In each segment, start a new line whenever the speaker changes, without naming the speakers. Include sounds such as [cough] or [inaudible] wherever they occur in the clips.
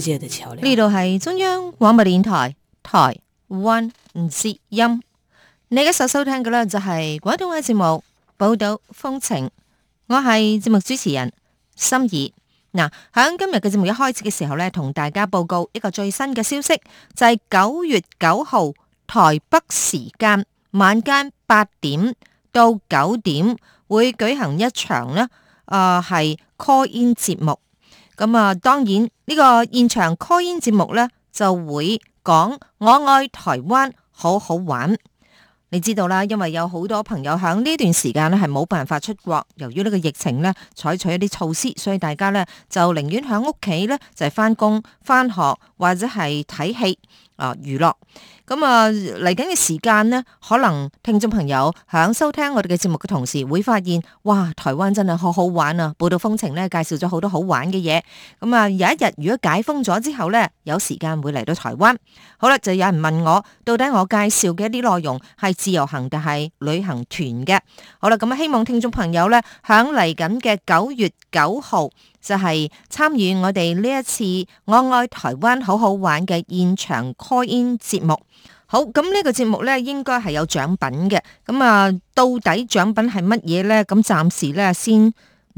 世界的橋梁。呢度係中央廣播電台台灣之音，你一陣收聽嘅呢，就係廣東話節目《寶島風情》，我係節目主持人心儀。嗱，響今日嘅節目一開始嘅時候咧，同大家報告一個最新嘅消息，就係、是、九月九號台北時間晚間八點到九點會舉行一場呢，係、呃、係 Call In 節目。咁啊，當然呢、呢個現場 call in 節目呢，就會講我愛台灣，好好玩。你知道啦，因為有好多朋友喺呢段時間呢係冇辦法出國，由於呢個疫情呢，採取一啲措施，所以大家呢，就寧願喺屋企呢，就係返工、返學或者係睇戲啊娛樂。咁啊，嚟緊嘅時間呢，可能聽眾朋友響收聽我哋嘅節目嘅同時，會發現哇，台灣真係好好玩啊！報導風情咧介紹咗好多好玩嘅嘢。咁啊，有一日如果解封咗之後呢，有時間會嚟到台灣。好啦，就有人問我到底我介紹嘅一啲內容係自由行定係旅行團嘅？好啦，咁啊，希望聽眾朋友呢，響嚟緊嘅九月九號，就係、是、參與我哋呢一次我愛，愛台灣好好玩嘅現場 call in 節目。好，咁呢個節目呢，應該係有獎品嘅。咁啊，到底獎品係乜嘢呢？咁暫時呢，先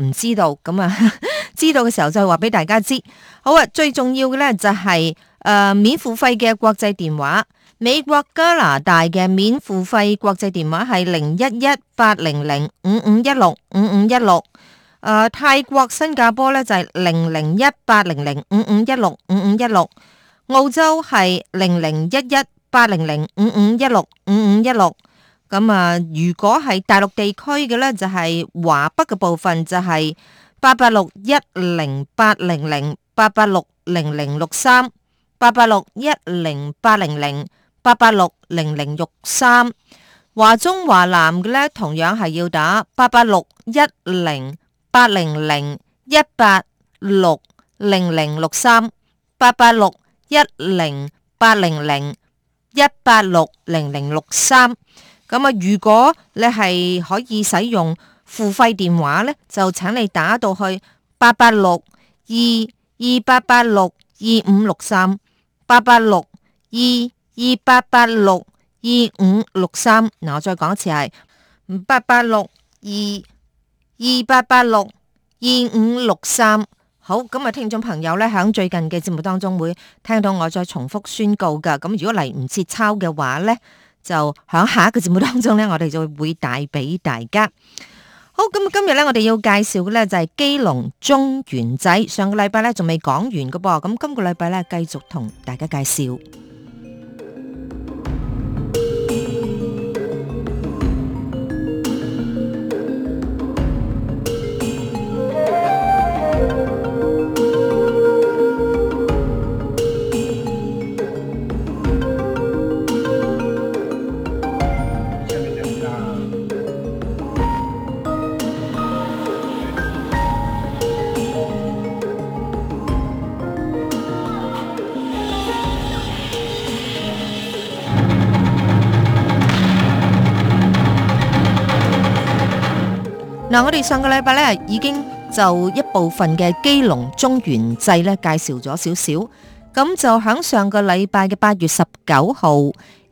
唔知道。咁啊，知道嘅時候就話俾大家知。好啊，最重要嘅呢就係、是、誒、呃、免付費嘅國際電話，美國加拿大嘅免付費國際電話係零一一八零零五五一六五五一六。誒、呃，泰國、新加坡咧就係零零一八零零五五一六五五一六，澳洲係零零一一八零零五五一六五五一六。咁、嗯、啊、呃，如果係大陸地區嘅咧，就係、是、華北嘅部分就係八八六一零八零零八八六零零六三八八六一零八零零八八六零零六三。華中、華南嘅咧，同樣係要打八八六一零。八零零一八六零零六三八八六一零八零零一八六零零六三，咁啊，如果你係可以使用付費電話呢，就請你打到去八八六二二八八六二五六三八八六二二八八六二五六三嗱，我再講一次係八八六二。二八八六二五六三，好咁啊！聽眾朋友呢，響最近嘅節目當中會聽到我再重複宣告噶。咁如果嚟唔切抄嘅話呢，就喺下一個節目當中呢，我哋就會帶俾大家。好咁今日呢，我哋要介紹嘅呢，就係基隆中元祭。上個禮拜呢，仲未講完噶噃，咁今個禮拜呢，繼續同大家介紹。嗱，我哋上個禮拜咧已經就一部分嘅基隆中元祭咧介紹咗少少，咁就喺上個禮拜嘅八月十九號，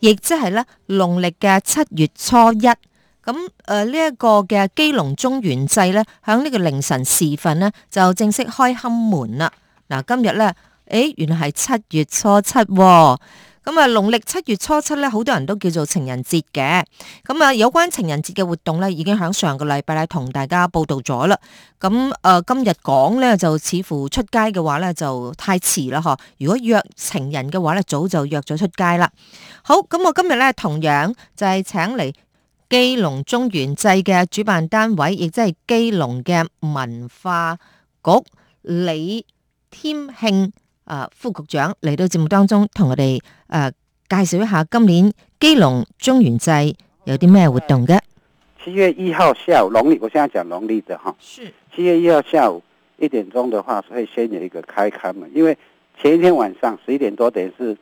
亦即係咧農曆嘅七月初一，咁誒呢一個嘅基隆中元祭咧喺呢個凌晨時分呢，就正式開龕門啦。嗱，今日咧誒，原來係七月初七喎。咁啊，農曆七月初七咧，好多人都叫做情人節嘅。咁啊，有關情人節嘅活動咧，已經喺上個禮拜咧同大家報道咗啦。咁啊、呃，今日講咧就似乎出街嘅話咧就太遲啦嗬，如果約情人嘅話咧，早就約咗出街啦。好，咁我今日咧同樣就係請嚟基隆中元祭嘅主辦單位，亦即係基隆嘅文化局李添慶。啊、副局長嚟到節目當中，同我哋誒、啊、介紹一下今年基隆中元祭有啲咩活動嘅。
七月一號下午，農曆，我現在講農曆的哈。是七月一號下午一點鐘的話，會先有一個開龕門，因為前一天晚上十一點多，等於是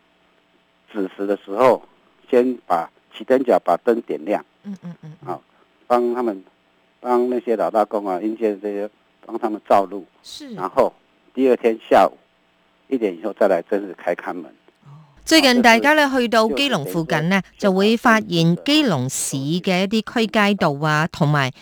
子時的時候，先把起燈腳，把燈點亮。嗯嗯嗯。好，幫他們幫那些老大公啊、迎接這些，幫他們照路。是。然後第二天下午。一點以後再來正式開開門。
最近大家咧去到基隆附近呢，就會發現基隆市嘅一啲區街道啊，同埋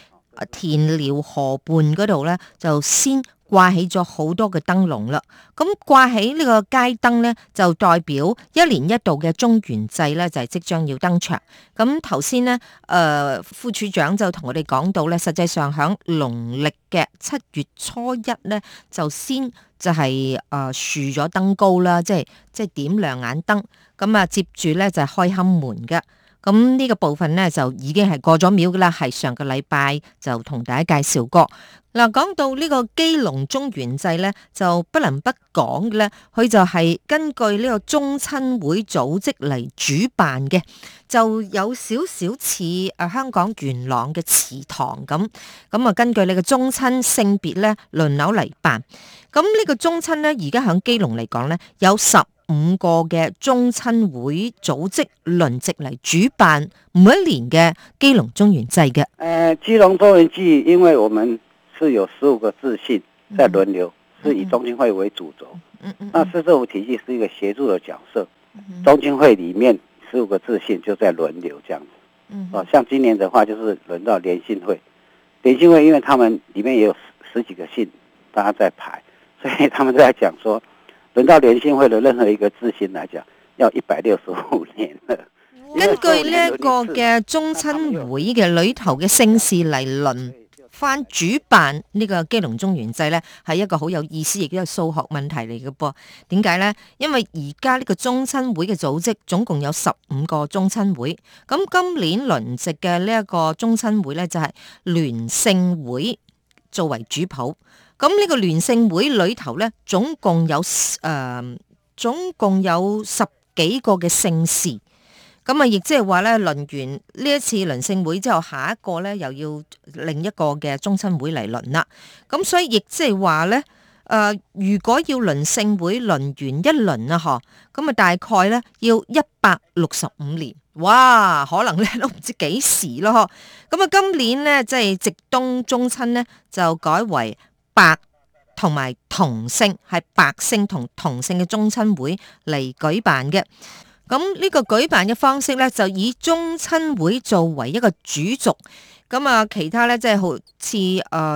田寮河畔嗰度呢，就先掛起咗好多嘅燈籠啦。咁掛起呢個街燈呢，就代表一年一度嘅中元祭呢，就係即將要登場。咁頭先呢，誒，副處長就同我哋講到呢，實際上響農曆嘅七月初一呢，就先。就係誒豎咗燈篙啦，即係即係點亮眼燈咁啊。接住咧就係開龕門嘅咁，呢個部分呢，就已經係過咗廟噶啦，係上個禮拜就同大家介紹過嗱。講到呢個基隆中元祭呢，就不能不講嘅咧，佢就係根據呢個宗親會組織嚟主辦嘅，就有少少似誒香港元朗嘅祠堂咁咁啊。根據你嘅宗親姓別咧，輪流嚟辦。咁呢個宗親呢，而家喺基隆嚟講呢，有十五個嘅宗親會組織輪值嚟主辦每一年嘅基隆中元祭嘅。
誒、呃，基隆中元祭因為我們是有十五個字姓在輪流，嗯，是以宗親會為主軸。嗯嗯。那市政府體系是一個協助的角色。嗯嗯、宗親會裏面十五個字姓就在輪流，這樣子。哦、嗯，像今年的話，就是輪到聯姓會。聯姓會，因為他們裏面也有十十幾個姓，大家在排。所以他們都在講說，輪到聯姓會的任何一個字姓來講，要一百六十五年，了年。根據呢一
個嘅中親會嘅裏頭嘅姓氏嚟輪翻主辦呢個基隆中元祭呢係一個好有意思亦都係數學問題嚟嘅噃。點解咧？因為而家呢個中親會嘅組織總共有十五個中親會，咁今年輪值嘅呢一個中親會呢就係聯姓會作為主普。咁呢個聯姓會裏頭咧，總共有誒、呃，總共有十幾個嘅姓氏咁啊，亦即係話咧輪完呢一次聯姓會之後，下一個咧又要另一個嘅中親會嚟輪啦。咁所以亦即係話咧誒，如果要輪姓會輪完一輪啊，嗬，咁啊大概咧要一百六十五年，哇，可能咧都唔知幾時咯，嗬。咁啊，今年咧即係直東中親咧就改為。白同埋同姓係白姓同同姓嘅中親會嚟舉辦嘅。咁呢個舉辦嘅方式咧就以中親會作為一個主軸，咁啊其他咧即係好似誒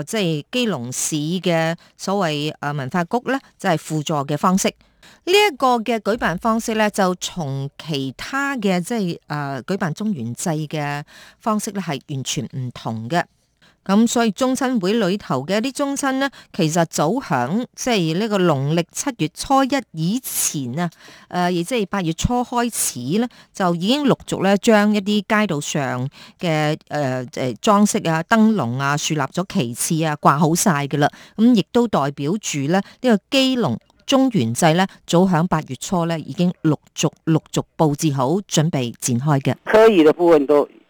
即係基隆市嘅所謂誒文化局咧即係輔助嘅方式。呢一個嘅舉辦方式咧就從其他嘅即係誒舉辦中元祭嘅方式咧係完全唔同嘅。咁所以中親會裏頭嘅一啲中親呢，其實早響即係呢個農曆七月初一以前啊，誒、呃，亦即係八月初開始咧，就已經陸續咧將一啲街道上嘅誒誒裝飾啊、燈籠啊、樹立咗旗幟啊、掛好晒㗎喇。咁亦都代表住咧呢、呢個基隆中元祭呢早響八月初咧已經陸續陸續佈置好，準備展開嘅。
可以嘅部分都。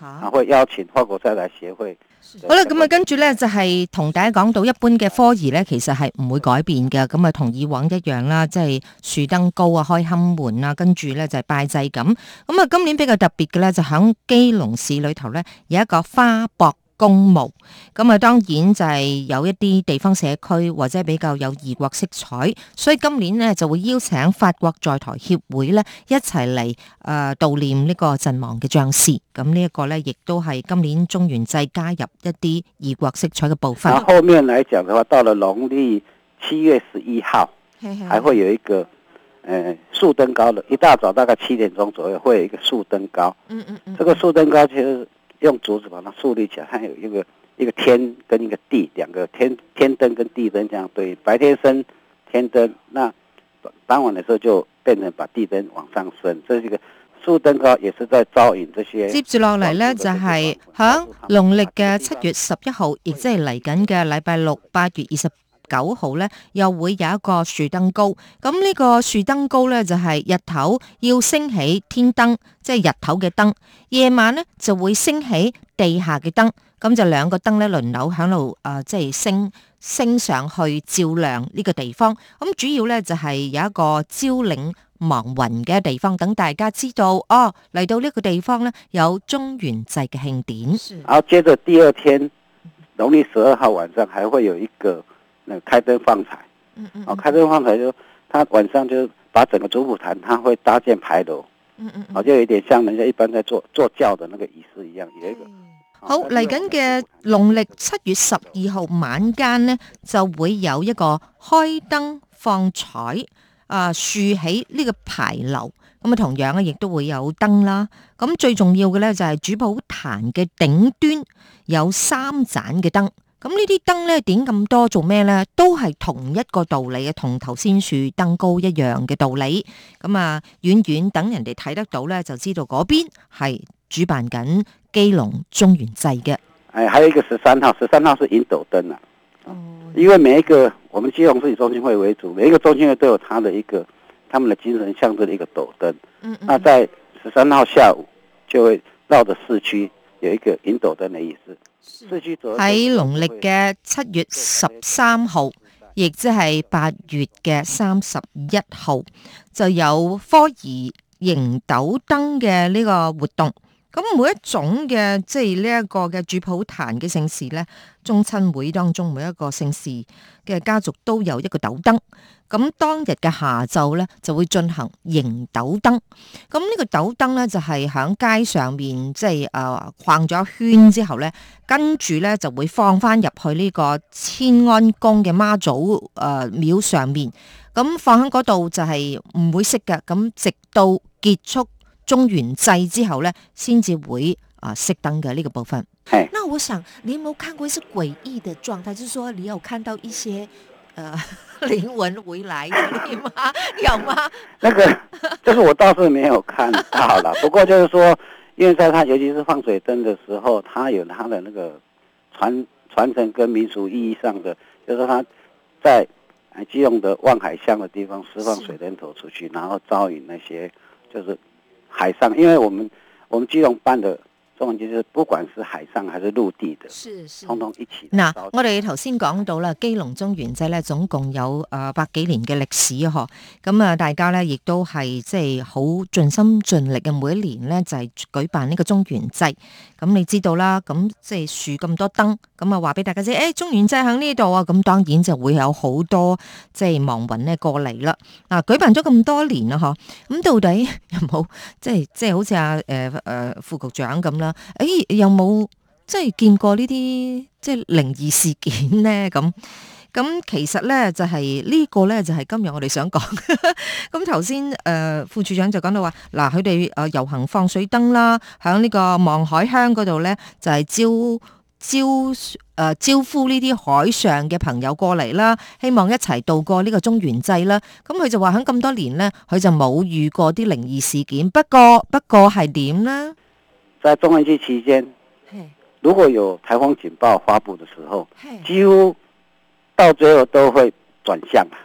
吓，會邀請跨國際大協會。好啦，咁啊，
跟住咧就係同大家講到，一般嘅科儀咧，其實係唔會改變嘅。咁啊，同以往一樣啦，即係豎燈篙啊，開龕門啊，跟住咧就係拜祭咁。咁啊，今年比較特別嘅咧，就響基隆市裏頭咧有一個花博。公墓，咁啊，當然就係有一啲地方社區或者比較有異國色彩，所以今年呢就會邀請法國在台協會呢一齊嚟，誒悼念呢個陣亡嘅將士。咁呢一個呢亦都係今年中元祭加入一啲異國色彩嘅部分。後，後
面來講嘅話，到了農曆七月十一號，還會有一個誒豎燈篙的，一大早大概七點鐘左右會有一個豎燈篙。嗯嗯嗯，這個豎燈篙其實。用竹子把它樹立起來，它有一個一個天跟一個地，兩個天天燈跟地燈，這樣對，白天升天燈，那當晚的時候就變成把地燈往上升，所以這是一個豎燈篙，也是在招引這些。接住
落嚟呢，就係響農曆嘅七月十一號，亦即係嚟緊嘅禮拜六，八月二十。九號咧又會有一個豎燈篙，咁呢個豎燈篙咧就係、是、日頭要升起天燈，即、就、係、是、日頭嘅燈，夜晚咧就會升起地下嘅燈，咁就兩個燈咧輪流喺度誒，即係升升上去照亮呢個地方，咁主要咧就係、是、有一個招領亡魂嘅地方，等大家知道哦，嚟到呢個地方咧有中元祭嘅慶典。
然後接着，第二天農曆十二號晚上還會有一個。開燈放彩，嗯嗯，開燈放彩就，他晚上就，把整個主普壇，他會搭建牌樓，
嗯嗯，就
有點像人家一般在做做醮的那個儀式一樣，有一個好嚟緊
嘅農曆七月十二號晚間呢，就會有一個開燈放彩，啊，豎起呢個牌樓，咁啊，同樣啊，亦都會有燈啦，咁最重要嘅呢，就係主普壇嘅頂端有三盞嘅燈。咁呢啲燈呢，點咁多做咩呢？都係同一個道理嘅，同頭先樹燈高一樣嘅道理。咁啊，遠遠等人哋睇得到呢，就知道嗰邊係主辦緊基隆中元祭嘅。
誒，還有一個十三號，十三號是引斗燈啊。哦、嗯，因為每一個我們基隆市以中心會為主，每一個中心會都有他的一個他們的精神象徵的一個斗燈。嗯嗯。那在十三號下午就會繞着市區有一個引斗燈嘅意思。
喺農曆嘅七月十三號，亦即係八月嘅三十一號，就有科儀迎斗燈嘅呢個活動。咁每一種嘅即係呢一個嘅主普壇嘅姓氏咧，宗親會當中每一個姓氏嘅家族都有一個斗燈。咁當日嘅下晝咧，就會進行迎斗燈。咁呢個斗燈咧，就係、是、喺街上面即係誒逛咗一圈之後咧，跟住咧就會放翻入去呢個千安宮嘅媽祖誒、呃、廟上面。咁放喺嗰度就係唔會熄嘅。咁直到結束。中元祭之後呢，先至會啊、呃、熄燈嘅呢個部分。Hey，那我想你有沒有看過一些詭異的狀態？就是說你有看到一些靈、呃、靈魂回來的嗎？ [laughs] 有嗎？那
個，就是我倒是沒有看到了。 [laughs] 不過就是說，因為在它尤其是放水燈的時候，它有它的那個傳傳承跟民俗意義上的，就是它在基隆的望海巷的地方釋放水燈頭出去，然後招引那些就是。海上，因為我們我們基隆辦的，中文，就是不管是海上還是陸地的，是是，通通一起。
嗱，我哋頭先講到啦，基隆中元祭呢，總共有誒、呃、百幾年嘅歷史嗬，咁啊大家呢亦都係即係好盡心盡力嘅，每一年呢就係、是、舉辦呢個中元祭。咁你知道啦，咁即係樹咁多燈，咁啊話俾大家知，誒、哎，中元祭喺呢度啊，咁當然就會有好多即係亡魂咧過嚟啦。嗱、啊，舉辦咗咁多年啦，嗬、啊，咁到底有冇即係即係好似阿誒誒副局長咁啦？誒、哎，有冇即係見過呢啲即係靈異事件咧？咁？咁其實呢，就係、是、呢個呢，就係、是、今日我哋想講的。咁頭先誒副處長就講到話，嗱，佢哋誒遊行放水燈啦，喺呢個望海鄉嗰度呢，就係、是、招招誒、呃、招呼呢啲海上嘅朋友過嚟啦，希望一齊度過呢個中元祭啦。咁佢就話喺咁多年呢，佢就冇遇過啲靈異事件。不過不過係點咧？在中元
節期間，如果有台風警報發佈嘅時候，幾到最後都會轉向啊！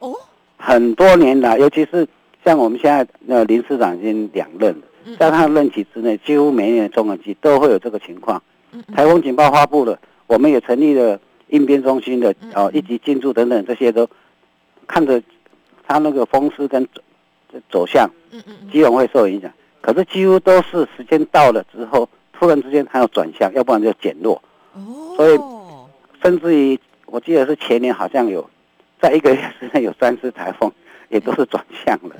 哦，很多年來，尤其是像我們現在那林市長已經兩任了，在、嗯、他的任期之內，幾乎每一年的中晚期都會有這個情況。台、嗯嗯、風警報發布了，我們也成立了應變中心的，呃、嗯嗯哦、一級進駐等等這些都看着他那個風勢跟走走向，嗯嗯，基本會受影響、嗯嗯嗯。可是幾乎都是時間到了之後，突然之間它要轉向，要不然就減弱。哦，所以甚至於。我記得是前年好像有，在一個月之內有三次台風，也都是轉向了。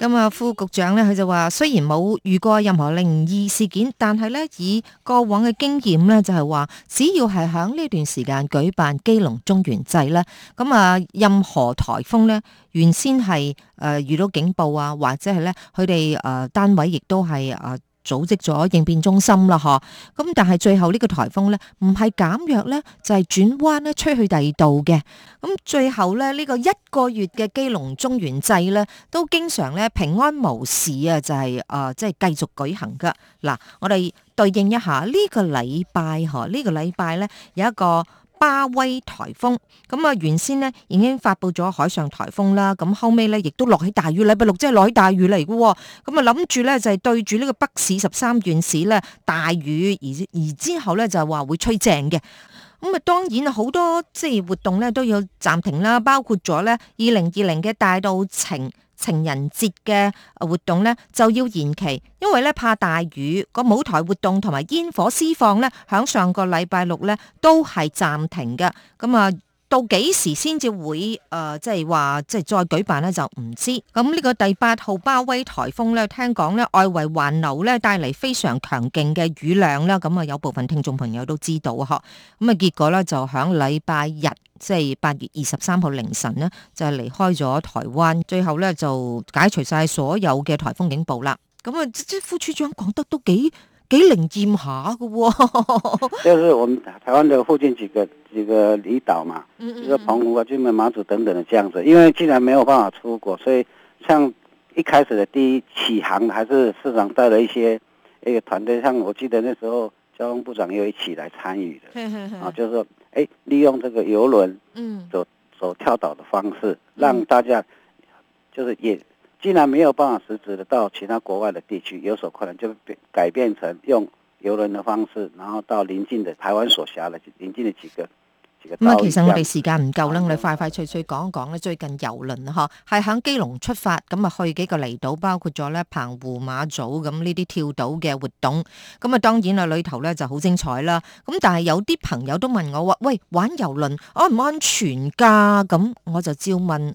咁啊，副局長呢，佢就話雖然冇遇過任何靈異事件，但係呢，以過往嘅經驗呢，就係話只要係響呢段時間舉辦基隆中元祭呢，咁啊任何台風呢，原先係誒、呃、遇到警報啊，或者係呢，佢哋誒單位亦都係組織咗應變中心啦，嗬！咁但係最後呢個台風呢，唔係減弱呢，就係、是、轉彎呢，吹去第二度嘅。咁最後呢，呢個一個月嘅基隆中元祭呢，都經常呢平安無事啊，就係啊，即係繼續舉行噶。嗱，我哋對應一下呢個禮拜，嗬，呢個禮拜呢，有一個。巴威颱風咁啊，原先咧已經發布咗海上颱風啦，咁後尾咧亦都落起大雨。禮拜六即係落起大雨嚟嘅喎，咁啊諗住咧就係對住呢個北市十三縣市咧大雨，而而之後咧就話會吹正嘅，咁啊當然好多即係活動咧都要暫停啦，包括咗咧二零二零嘅大道情。情人節嘅活動咧就要延期，因為咧怕大雨，個舞台活動同埋煙火私放咧響上個禮拜六咧都係暫停嘅，咁、嗯、啊。到幾時先至會誒、呃，即係話即係再舉辦呢？就唔知。咁呢個第八號巴威颱風呢，聽講呢，外圍環流呢帶嚟非常強勁嘅雨量啦。咁啊有部分聽眾朋友都知道嗬。咁啊結果呢，就喺禮拜日，即係八月二十三號凌晨呢，就離開咗台灣，最後呢，就解除晒所有嘅颱風警報啦。咁啊，即係副處長講得都幾。幾凌賤下嘅，
就是我們台灣的附近幾個幾個離島嘛，
就是澎
湖啊、金門、馬祖等等的這樣子。因為既然沒有辦法出國，所以像一開始的第一起航，還是市長帶了一些一個團隊，像我記得那時候交通部長又一起來參與的 [laughs] 啊，就是說誒、欸、利用這個遊輪，嗯，走走跳島的方式，讓大家，就是也。既然沒有辦法實質到其他國外嘅地區，有所困難就改變成用遊輪嘅方式，然後到鄰近嘅台灣所轄嘅鄰近嘅幾個幾個。咁啊，其實我哋
時間唔夠啦，我哋快快脆脆講一講咧，最近遊輪嗬係喺基隆出發，咁啊去幾個離島，包括咗咧澎湖、馬祖咁呢啲跳島嘅活動。咁啊，當然啦，裏頭咧就好精彩啦。咁但係有啲朋友都問我話，喂，玩遊輪安唔安全噶？咁、嗯、我就照問。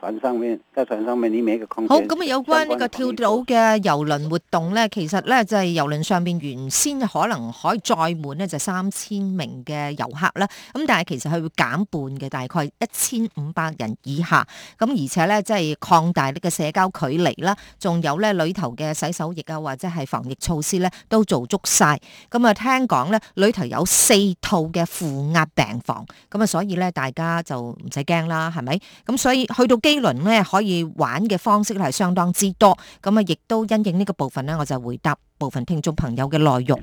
產生，即係產生呢，嘅空好咁啊，
有關呢個跳島嘅遊輪活動呢，其實呢，就係遊輪上面原先可能可以載滿呢，就三千名嘅遊客啦。咁但係其實係會減半嘅，大概一千五百人以下。咁而且呢，即係擴大呢個社交距離啦，仲有呢裏頭嘅洗手液啊，或者係防疫措施呢，都做足晒。咁啊，聽講呢裏頭有四套嘅負壓病房。咁啊，所以呢，大家就唔使驚啦，係咪？咁所以去到。基隆可以玩嘅方式係相當之多，咁啊亦都因應呢個部分我就回答部分聽眾朋友嘅內容。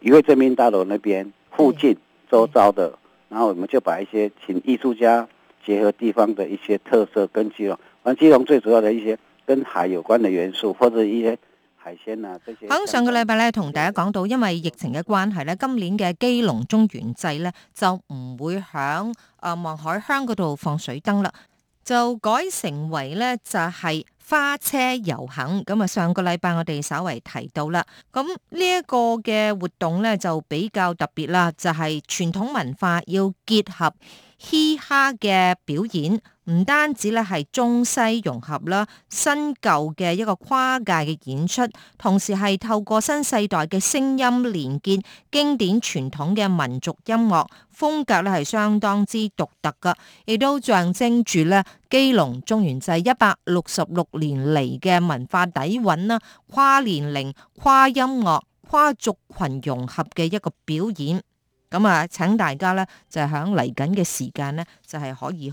如果正面大樓那邊附近周遭的，的，然後我們就把一些請藝術家結合地方的一些特色跟基隆，基隆最主要的一些跟海有關嘅元素或者一些海鮮啊。喺
上個禮拜呢，同大家講到，因為疫情嘅關係今年嘅基隆中元祭呢，就唔會響誒望海鄉嗰度放水燈啦。就改成為咧就係花車遊行，咁啊上個禮拜我哋稍微提到啦，咁呢一個嘅活動咧就比較特別啦，就係傳統文化要結合，嘻哈嘅表演唔單止咧係中西融合啦，新舊嘅一個跨界嘅演出，同時係透過新世代嘅聲音連結，經典傳統嘅民族音樂風格咧係相當之獨特嘅，亦都象徵住咧基隆中元祭一百六十六年嚟嘅文化底蘊啦，跨年齡、跨音樂、跨族群融合嘅一個表演。咁啊！請大家呢，就響嚟緊嘅時間呢，就係可以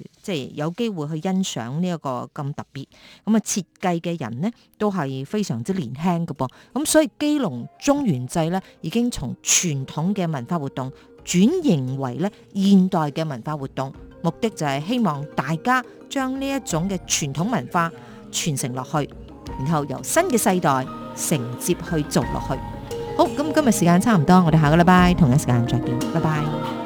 去，即係有機會去欣賞呢一個咁特別咁啊，設計嘅人呢，都係非常之年輕嘅噃。咁所以基隆中元祭呢，已經從傳統嘅文化活動轉型為呢現代嘅文化活動，目的就係希望大家將呢一種嘅傳統文化傳承落去，然後由新嘅世代承接去做落去。好，咁今日時間差唔多，我哋下個禮拜同一時間再見，拜拜。